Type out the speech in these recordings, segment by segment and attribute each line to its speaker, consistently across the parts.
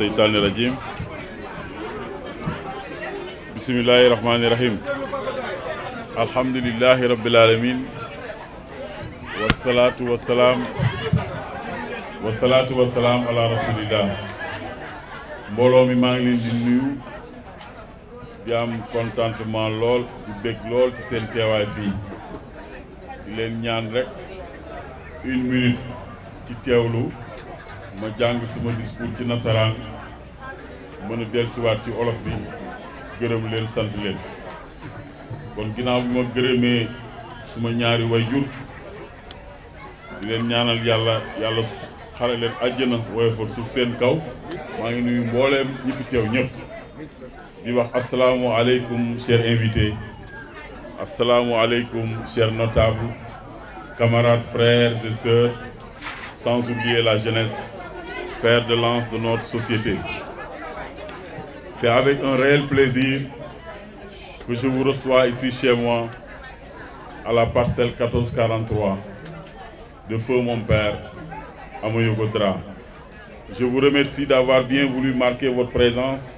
Speaker 1: seytaani rajim bisimillahi rahmaani rahim alhamdulilahi rabbil alamin wasalaatu wasalaam wasalaatu wasalaam ala mbooloo mi maa ngi leen di nuyu di am contentement lool di bég lool ci seen teewaay fii di leen ñaan rek ci teewlu ma jàng suma discours ci nasaraan mën a dellusiwaat ci olof bi gërëm leen sant leen kon ginnaaw bi ma gërëmee suma ñaari wayjur di leen ñaanal yàlla yàlla xare leen àjjana woyofal suuf seen kaw maa ngi nuyu mbooleem ñi fi teew ñëpp di wax asalaamualeykum chers invités asalaamualeykum chers notables camarades frères et sœurs sans oublier la jeunesse fer de lance de notre société. C'est avec un réel plaisir que je vous reçois ici chez moi, à la parcelle 1443 de Feu Mon Père, à Moyogodra. Je vous remercie d'avoir bien voulu marquer votre présence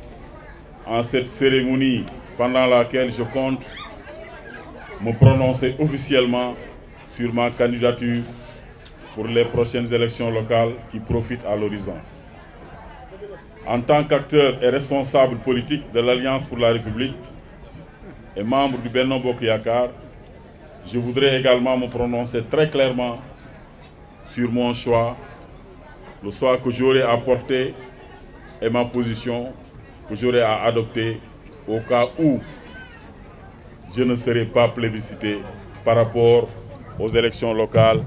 Speaker 1: en cette cérémonie pendant laquelle je compte me prononcer officiellement sur ma candidature pour les prochaines élections locales qui profitent à l'horizon. En tant qu'acteur et responsable politique de l'Alliance pour la République et membre du Benno Bokk Yakaar, je voudrais également me prononcer très clairement sur mon choix, le choix que j'aurais à porter et ma position que j'aurais à adopter au cas où je ne serai pas plébiscité par rapport aux élections locales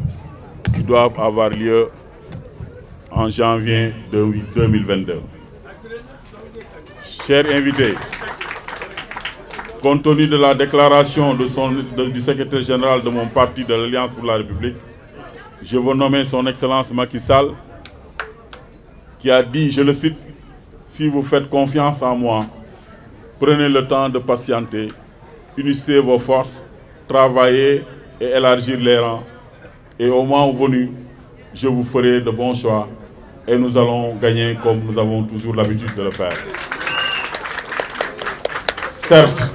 Speaker 1: qui doivent avoir lieu en janvier 2022. Chers invités, compte tenu de la déclaration de son, de, du secrétaire général de mon parti de l'Alliance pour la République, je veux nommer son Excellence Macky Sall, qui a dit, je le cite, si vous le temps de patienter, unissez vos forces, travaillez et élargir les rangs Et au moment venu, je vous ferai de bons choix et nous allons gagner comme nous avons toujours l'habitude de le faire. Certes,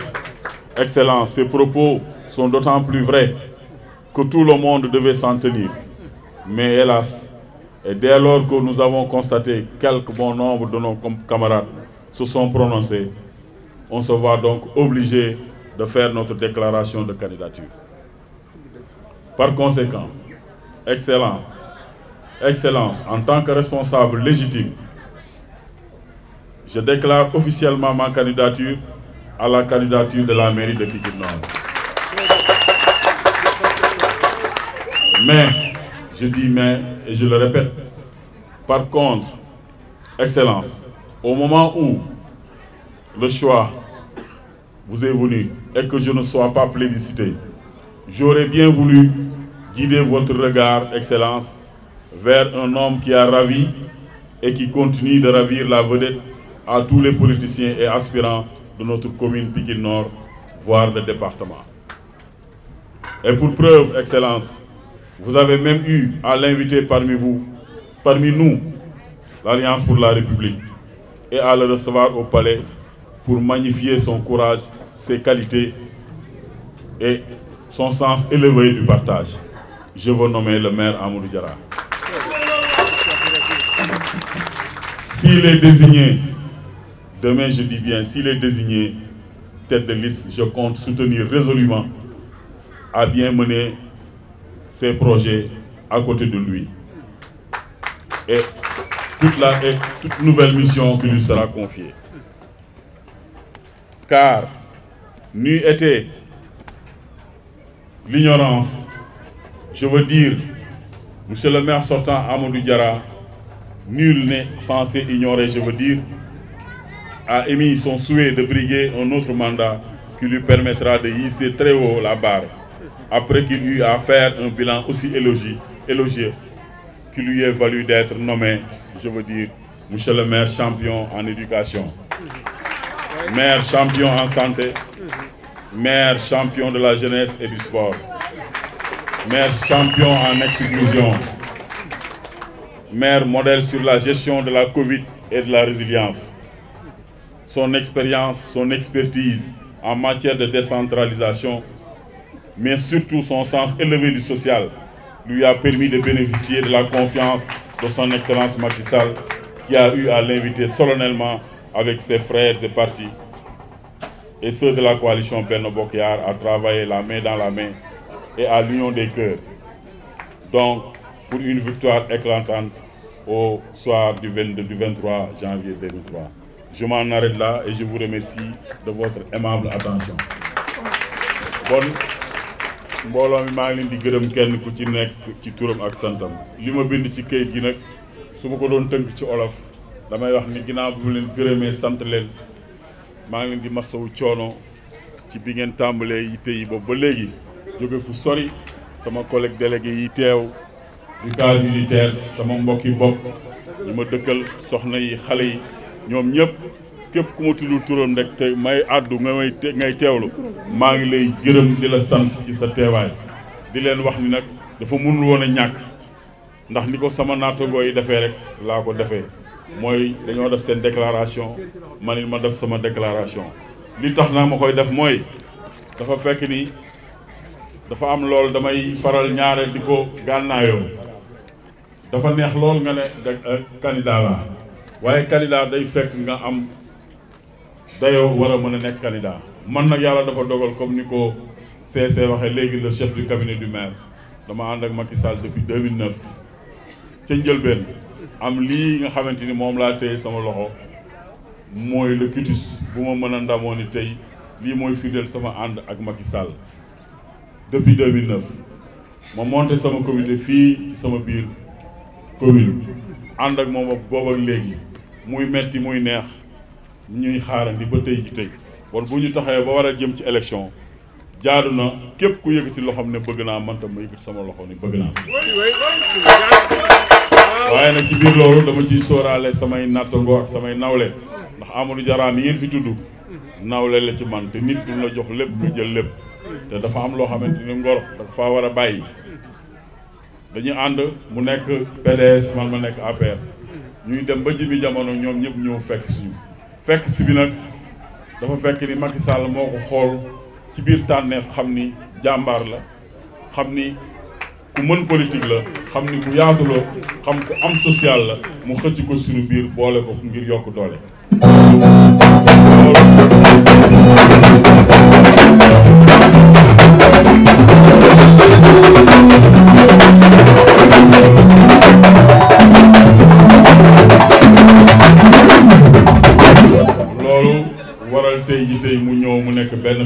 Speaker 1: Excellent, ces propos sont d'autant plus vrais que tout le monde devait s'en tenir. Mais hélas, et dès lors que nous avons constaté quelques bon nombre de nos camarades se sont prononcés, on se voit donc obligé de faire notre déclaration de candidature. Par conséquent, Excellent. Excellence, en tant que responsable légitime, je déclare officiellement ma candidature à la candidature de la mairie de Pikine Nord. Mais, je dis mais et je le répète. Par contre, Excellence, au moment où le choix vous est venu et que je ne sois pas plébiscité, j'aurais bien voulu guidez votre regard, Excellence, vers un homme qui a ravi et qui continue de ravir la vedette à tous les politiciens et aspirants de notre commune Pikine Nord, voire le département. Et pour preuve, Excellence, vous avez même eu à l'inviter parmi vous, parmi nous, l'Alliance pour la République, et à le recevoir au palais pour magnifier son courage, ses qualités et son sens élevé du partage. je veux nommer le maire Amadou Diarra. S'il est désigné, demain je dis bien, s'il est désigné tête de liste, je compte soutenir résolument à bien mener ses projets à côté de lui. Et toute, la, et toute nouvelle mission qui lui sera confiée. Car, n'eût été l'ignorance je veux dire monsieur le maire sortant Amadou Diarra nul n'est censé ignorer je veux dire a émis son souhait de briguer un autre mandat qui lui permettra de hisser très haut la barre après qu'il eut à faire un bilan aussi élogieux élogieux qui lui est valu d'être nommé je veux dire monsieur le maire champion en éducation maire champion en santé maire champion de la jeunesse et du sport maire champion en exclusion, maire modèle sur la gestion de la Covid et de la résilience. Son expérience, son expertise en matière de décentralisation, mais surtout son sens élevé du social, lui a permis de bénéficier de la confiance de son Excellence Macky Sall, qui a eu à l'inviter solennellement avec ses frères et partis et ceux de la coalition Benno Bokar à travailler la main dans la main et à l'union des cœurs. Donc, pour une victoire éclatante au soir du, du 23 janvier 2003. Je m'en arrête là et je vous remercie de votre aimable attention. Bon mbooloo mi maa ngi leen di gërëm kenn ku ci nekk ci turam ak santam li ma bind ci kayit gi nag su ma ko doon tënk ci olof damay wax ni ginaaw bu mu leen gërëmee sant leen maa ngi leen di masawu coono ci bi ngeen tàmbalee yitte yi boobu ba léegi. jóge fu sori sama collègue délégué yi teew du cadre militaire sama mbokki bopp ñi ma dëkkal soxna yi xale yi ñoom ñëpp képp ku ma tuddul turam rek te may àddu nga may ngay teewlu maa ngi lay gërëm di la sant ci sa teewaay di leen wax ni nag dafa mënul woon a ñàkk ndax ni ko sama naatagoo yi defee rek laa ko defee mooy dañoo def seen déclaration man it ma def sama déclaration li tax naa ma koy def mooy dafa fekk ni dafa am lool damay faral ñaareel di ko gànnaayoo dafa neex lool nga ne da euh, candidat la waaye candidat day fekk nga am dayoo war a mën a nekk candidat man nag yàlla dafa dogal comme ni ko CC waxee léegi le chef du cabinet du maire dama ànd ak Macky Sall depuis 2009 ca njëlbeen am lii nga xamante ni moom laa téye sama loxo mooy le cutis bu ma mën a ndamoo ni tey lii mooy fidèle sama ànd ak Macky Sall depuis 2009 ma monté sama comité fii ci sama biir commune ànd ak moom boobu ak léegi muy metti muy neex ñuy xaarandi ba tey ji tey bon bu ñu taxawee ba war a jëm ci élection jaadu na képp ku yëkkati loo xam ne bëgg naa man tam ma yëkkati sama loxo ni bëgg naa waaye nag ci biir loolu dama ciy sooraale samay nattangoo ak samay nawle ndax Amadou Diarra mi ngeen fi tudd nawle la ci man te nit du la jox lépp nga jël lépp te dafa am loo xamante ni ngor dafa faa war a bàyyi dañu ànd mu nekk PDS man ma nekk APR ñuy dem ba jibi jamono ñoom ñëpp ñëw fekk si fekk si bi nag dafa fekk ni Macky Sall moo ko xool ci biir tànneef xam ni jàmbaar la xam ni ku mën politique la xam ni ku yaatu la xam ku am social la mu xëcc ko suñu biir boole ko ngir yokk doole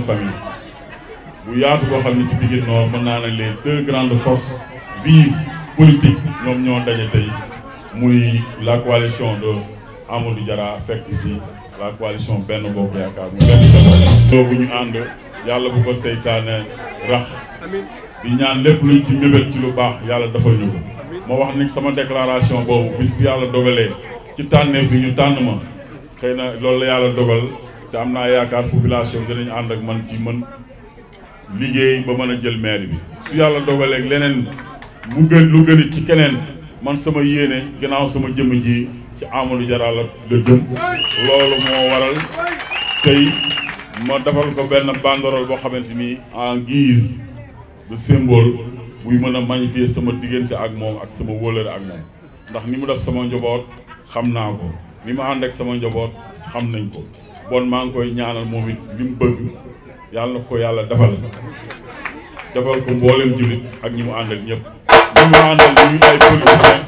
Speaker 1: famille bu yaatu boo xam ne ci Pikine Nord mën naa ne les deux grandes forces vives politiques ñoom ñoo daje tey muy la coalition de Amadou Diarra fekk si la coalition Benno Bokk Yaakaar mu benn jamono. bu ñu ànd yàlla bu ko seytaane rax di ñaan lépp luñ ci mébét ci lu baax yàlla dafa ñu ko wax ni sama déclaration boobu bis bi yàlla dogalee ci tànneef yi ñu tànn ma xëy na la yàlla dogal. te am naa yaakaar population bi dinañ ànd ak man ci mën liggéey ba mën a jël maire bi su yàlla dogaleeg leneen mu gën lu gën ci keneen man sama yéene gannaaw sama jëmm ji ci Amadou Diarra la jëm loolu moo waral tey ma defal ko benn banderole boo xamante ni en guise de symbole buy mën a magnifier sama diggante ak moom ak sama wóolare ak moom ndax ni mu def sama njaboot xam naa ko ni ma ànd ak sama njaboot xam nañ ko bon maa ngi koy ñaanal moom it li bëgg yàlla na ko yàlla defal defal ko mboolem jullit ak ñi mu àndal ñëpp ñi mu àndal muy ay politiciens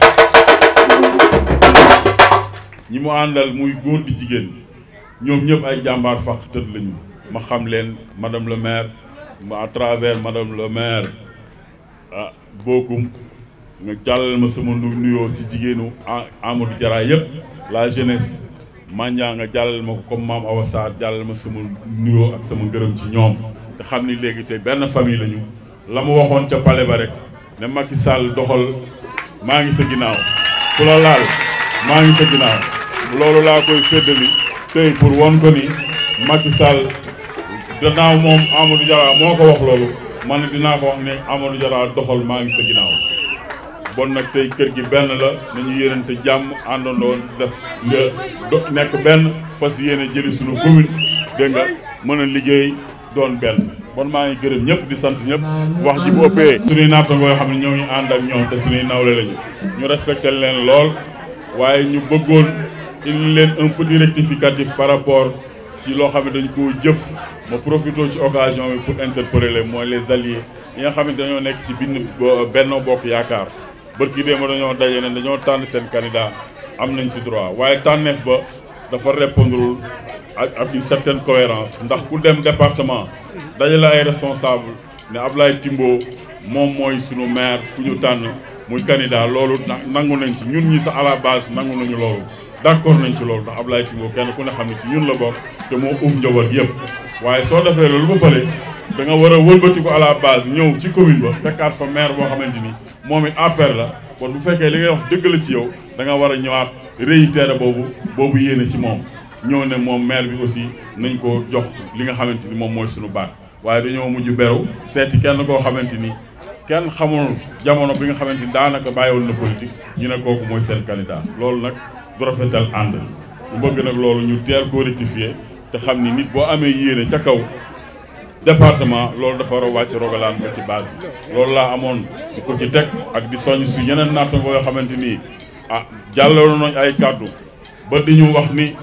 Speaker 1: ñi mu àndal muy góor di jigéen ñoom ñëpp ay jàmbaar fàq tëdd lañu ma xam leen madame le maire à travers madame le maire ah bokkum nga jàllal ma sama nuyoo ci jigéenu Amadou Diarra yëpp la jeunesse manjaa nga jàllal ma ko comme maam Awa Sarr jàllal ma sama nuyoo ak sama ngërëm ci ñoom te xam ni léegi tey benn famille lañu la mu waxoon ca palais ba rek ne Macky Sall doxal maa ngi sa ginnaaw ku la laal maa ngi sa ginnaaw loolu laa koy bi tey pour won ko ni Macky Sall gannaaw moom Amadou Diarra moo ko wax loolu man dinaa ko wax ne Amadou Diarra doxal maa ngi sa ginnaaw bon nag tey kër gi benn la nañu yéenante jàmm àndandoo def nga do nekk benn fas yéene jëli suñu commune dégg mën a liggéey doon benn bon maa ngi gërëm ñëpp di sant ñëpp wax ji bu ëppee suñuy naattango yoo xam ne ñoo ngi ànd ak ñoom te suñuy nawle lañu ñu respecté leen lool waaye ñu bëggoon indi leen un petit rectificatif par rapport ci loo xam dañu dañ koo jëf ma profité ci occasion bi pour interpeller mooy les alliés yi nga xam ne nekk ci benn Bokk Yaakaar bërki dée ma dañoo daje ne dañoo tànn seen candidat am nañ ci droit waaye tànneef ba dafa répondrul ak ak une certaine cohérence ndax ku dem département daje la ay responsable ne ab Ablaye Timbo moom mooy suñu maire ku ñu tànn muy candidat loolu nangu nañ ci ñun ñi sa à la base nangu nañu loolu d'accord nañ ci loolu ndax Ablaye Timbo kenn ku ne xam ne ci ñun la bokk te moo um njaboot yëpp waaye soo defee loolu ba pare da nga war a wëlbati ko à la base ñëw ci commune ba fekkaat fa maire boo xamante ni moom it APR la kon bu fekkee li ngay wax dëgg la ci yow da nga war a ñëwaat réitéré boobu boobu yéene ci moom ñëw ne moom maire bi aussi nañ ko jox li nga xamante ni moom mooy suñu baat waaye dañoo mujj beru seeti kenn koo xamante ni kenn xamul jamono bi nga xamante ni daanaka bàyyiwul na politique ñu ne kooku mooy seen candidat loolu nag du rafetal ànd bu bëgg nag loolu ñu teel koo rectifier te xam ni nit boo amee yéene ca kaw département loolu dafa war a wàcc rogalaan ba ci base bi loolu laa amoon di ko ci teg ak di soñ si yeneen naattango yoo xamante nii ah jàlloon nañ ay kàddu ba di ñu wax ni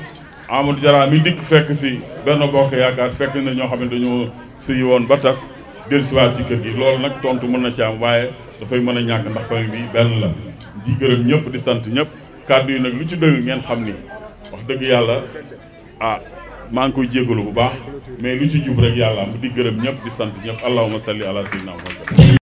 Speaker 1: Amadou Diarra mi dikk fekk si benn bokk yaakaar fekk na ñoo xamante ñu dañoo sëyi woon ba tas dellusiwaat ci kër gi loolu nag tontu mën na ci am waaye dafay mën a ñàkk ndax famille bi benn la di gërëm ñëpp di sant ñëpp kàddu yi nag lu ci dëgg ngeen xam ni wax dëgg yàlla ah maa ngi koy jégalu bu baax mais lu ci jub rek yàlla am di gërëm ñëpp di sant ñëpp allahuma salli ala sayyidina muhammad